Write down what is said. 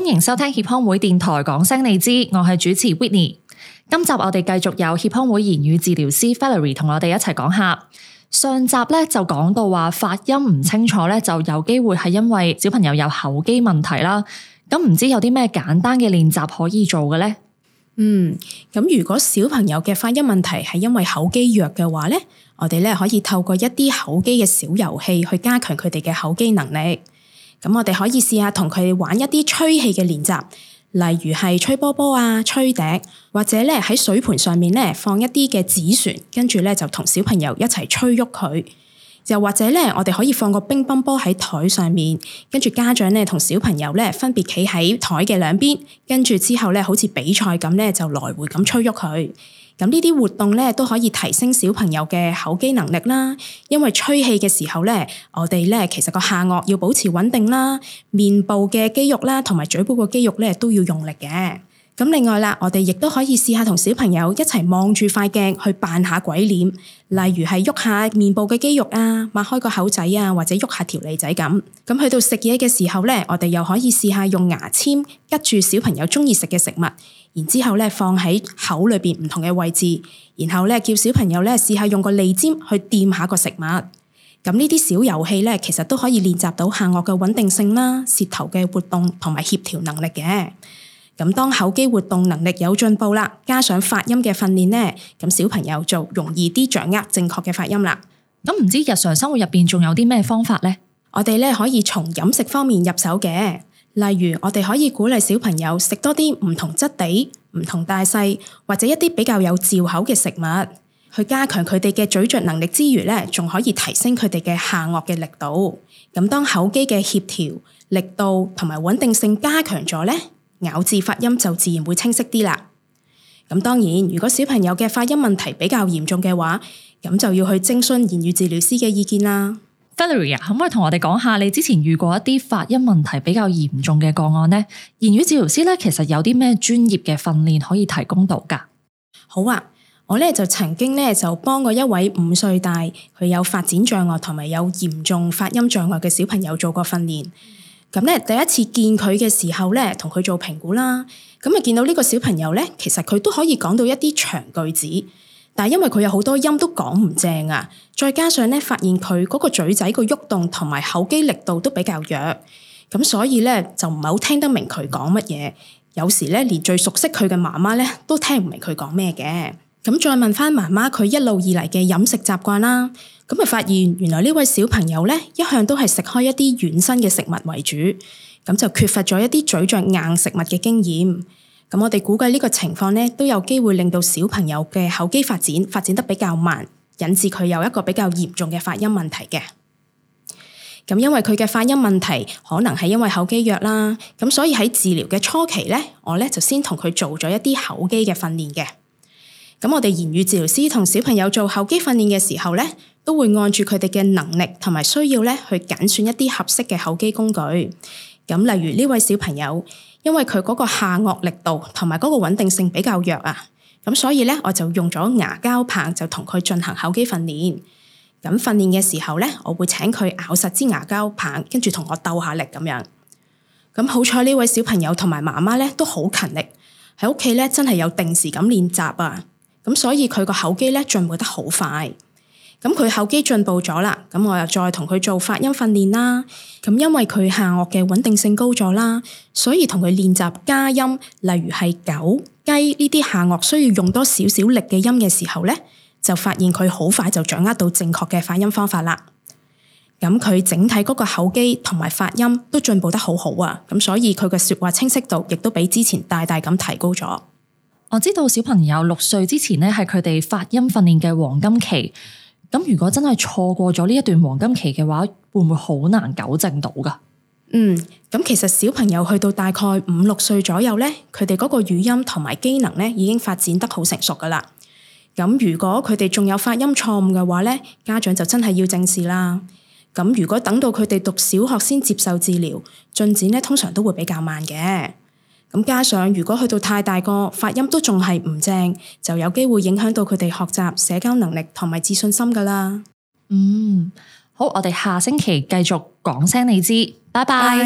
歡迎收聽協康會電台講聲你知，我係主持 Vinnie。今集我哋繼續有協康會言語治療師 Valerie 同我哋一齊講下。上集咧就講到話發音唔清楚咧就有機會係因為小朋友有口肌問題啦。咁唔知有啲咩簡單嘅練習可以做嘅呢？嗯，咁如果小朋友嘅發音問題係因為口肌弱嘅話咧，我哋咧可以透過一啲口肌嘅小遊戲去加強佢哋嘅口肌能力。咁我哋可以試下同佢玩一啲吹氣嘅練習，例如係吹波波啊、吹笛，或者呢喺水盆上面呢放一啲嘅紙船，跟住呢就同小朋友一齊吹喐佢。又或者咧，我哋可以放個乒乓波喺台上面，跟住家長咧同小朋友咧分別企喺台嘅兩邊，跟住之後咧好似比賽咁咧就來回咁吹喐佢。咁呢啲活動咧都可以提升小朋友嘅口肌能力啦。因為吹氣嘅時候咧，我哋咧其實個下顎要保持穩定啦，面部嘅肌肉啦同埋嘴部個肌肉咧都要用力嘅。咁另外啦，我哋亦都可以試下同小朋友一齊望住塊鏡去扮下鬼臉，例如係喐下面部嘅肌肉啊，擘開個口仔啊，或者喐下條脷仔咁。咁去到食嘢嘅時候咧，我哋又可以試下用牙籤拮住小朋友中意食嘅食物，然之後咧放喺口裏邊唔同嘅位置，然後咧叫小朋友咧試下用個脷尖去掂下個食物。咁呢啲小遊戲咧，其實都可以練習到下顎嘅穩定性啦、舌頭嘅活動同埋協調能力嘅。咁當口肌活動能力有進步啦，加上發音嘅訓練呢，咁小朋友就容易啲掌握正確嘅發音啦。咁唔知日常生活入邊仲有啲咩方法呢？我哋咧可以從飲食方面入手嘅，例如我哋可以鼓勵小朋友食多啲唔同質地、唔同大細或者一啲比較有嚼口嘅食物，去加強佢哋嘅咀嚼能力之餘咧，仲可以提升佢哋嘅下顎嘅力度。咁當口肌嘅協調、力度同埋穩定性加強咗咧。咬字發音就自然會清晰啲啦。咁當然，如果小朋友嘅發音問題比較嚴重嘅話，咁就要去徵詢言語治療師嘅意見啦。Valerie，可唔可以同我哋講下你之前遇過一啲發音問題比較嚴重嘅個案呢？言語治療師咧，其實有啲咩專業嘅訓練可以提供到㗎？好啊，我咧就曾經咧就幫過一位五歲大，佢有發展障礙同埋有嚴重發音障礙嘅小朋友做過訓練。咁咧，第一次見佢嘅時候咧，同佢做評估啦。咁啊，見到呢個小朋友咧，其實佢都可以講到一啲長句子，但係因為佢有好多音都講唔正啊，再加上咧發現佢嗰個嘴仔個喐動同埋口肌力度都比較弱，咁所以咧就唔係好聽得明佢講乜嘢。有時咧，連最熟悉佢嘅媽媽咧都聽唔明佢講咩嘅。咁再問翻媽媽，佢一路以嚟嘅飲食習慣啦，咁咪發現原來呢位小朋友咧，一向都係食開一啲軟身嘅食物為主，咁就缺乏咗一啲咀嚼硬食物嘅經驗。咁我哋估計呢個情況咧，都有機會令到小朋友嘅口肌發展發展得比較慢，引致佢有一個比較嚴重嘅發音問題嘅。咁因為佢嘅發音問題，可能係因為口肌弱啦，咁所以喺治療嘅初期咧，我咧就先同佢做咗一啲口肌嘅訓練嘅。咁我哋言語治療師同小朋友做口肌訓練嘅時候咧，都會按住佢哋嘅能力同埋需要咧，去揀選一啲合適嘅口肌工具。咁例如呢位小朋友，因為佢嗰個下顎力度同埋嗰個穩定性比較弱啊，咁所以咧我就用咗牙膠棒就同佢進行口肌訓練。咁訓練嘅時候咧，我會請佢咬實支牙膠棒，跟住同我鬥下力咁樣。咁好彩呢位小朋友同埋媽媽咧都好勤力，喺屋企咧真係有定時咁練習啊！咁所以佢個口肌咧進步得好快，咁佢口肌進步咗啦，咁我又再同佢做發音訓練啦。咁因為佢下顎嘅穩定性高咗啦，所以同佢練習加音，例如係狗、雞呢啲下顎需要用多少少力嘅音嘅時候咧，就發現佢好快就掌握到正確嘅發音方法啦。咁佢整體嗰個口肌同埋發音都進步得好好啊。咁所以佢嘅說話清晰度亦都比之前大大咁提高咗。我知道小朋友六歲之前呢，係佢哋發音訓練嘅黃金期。咁如果真係錯過咗呢一段黃金期嘅話，會唔會好難糾正到噶？嗯，咁其實小朋友去到大概五六歲左右呢，佢哋嗰個語音同埋機能呢已經發展得好成熟噶啦。咁如果佢哋仲有發音錯誤嘅話呢，家長就真係要正視啦。咁如果等到佢哋讀小學先接受治療，進展呢通常都會比較慢嘅。咁加上，如果去到太大個，發音都仲係唔正，就有機會影響到佢哋學習、社交能力同埋自信心㗎喇。嗯，好，我哋下星期繼續講聲你知，拜拜。